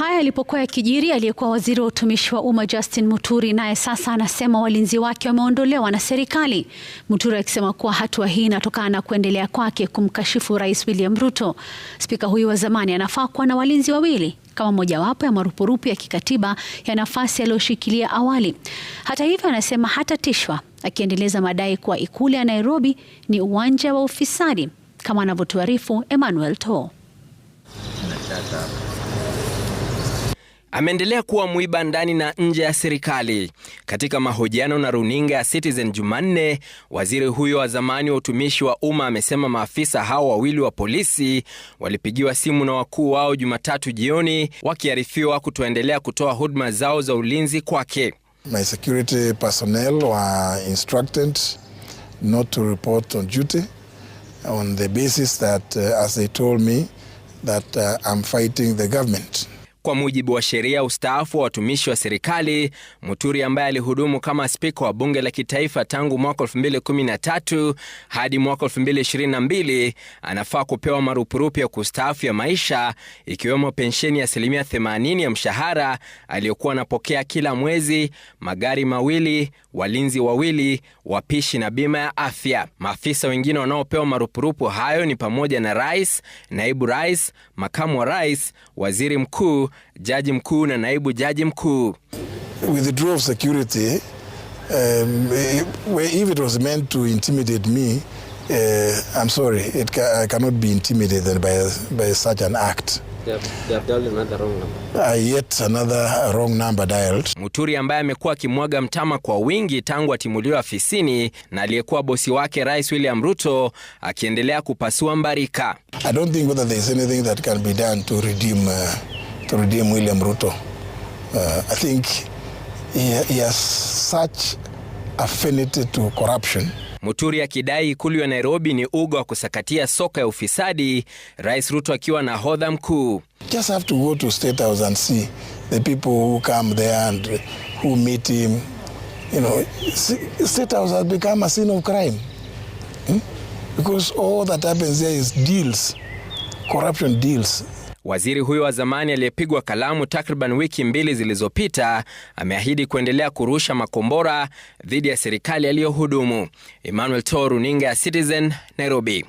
Haya yalipokuwa yakijiri, aliyekuwa waziri wa utumishi wa umma Justin Muturi naye sasa anasema walinzi wake wameondolewa na serikali, Muturi akisema kuwa hatua hii inatokana na kuendelea kwake kumkashifu Rais William Ruto. Spika huyu wa zamani anafaa kuwa na walinzi wawili kama mojawapo ya marupurupu ya kikatiba ya nafasi aliyoshikilia awali. Hata hivyo, anasema hatatishwa, akiendeleza madai kuwa ikulu ya Nairobi ni uwanja wa ufisadi, kama anavyotuarifu Emmanuel To ameendelea kuwa mwiba ndani na nje ya serikali. Katika mahojiano na runinga ya Citizen Jumanne, waziri huyo wa zamani wa utumishi wa umma amesema maafisa hao wawili wa polisi walipigiwa simu na wakuu wao Jumatatu jioni wakiarifiwa kutoendelea kutoa huduma zao za ulinzi kwake. My security personnel were instructed not to report on duty on the basis that uh, as they told me that uh, I'm fighting the government. Kwa mujibu wa sheria ustaafu wa watumishi wa serikali, Muturi ambaye alihudumu kama spika wa bunge la kitaifa tangu mwaka 2013 hadi mwaka 2022 anafaa kupewa marupurupu ya kustaafu ya maisha, ikiwemo pensheni ya asilimia 80 ya mshahara aliyokuwa anapokea kila mwezi, magari mawili, walinzi wawili, wapishi na bima ya afya. Maafisa wengine wanaopewa marupurupu hayo ni pamoja na rais, naibu rais, makamu wa rais, waziri mkuu jaji mkuu na naibu jaji mkuu. Withdrawal of security um, eh, eh, if it was meant to intimidate me uh, I'm sorry it ca I cannot be intimidated by, by such an act. Muturi ambaye amekuwa akimwaga mtama kwa wingi tangu atimuliwa afisini na aliyekuwa bosi wake Rais William Ruto akiendelea kupasua mbarika. I don't think whether there is anything that can be done to redeem uh, turudie William Ruto. Uh, I think he, he has such affinity to corruption. Muturi akidai ikulu ya Nairobi ni uga wa kusakatia soka ya ufisadi, Rais Ruto akiwa na hodha mkuu. Just have to go to State House and see the people who come there and who meet him. You know, State House has become a scene of crime. Hmm? Because all that happens there is deals, corruption deals. Waziri huyo wa zamani aliyepigwa kalamu takriban wiki mbili zilizopita ameahidi kuendelea kurusha makombora dhidi ya serikali aliyohudumu. Emmanuel To, runinga ya Citizen, Nairobi.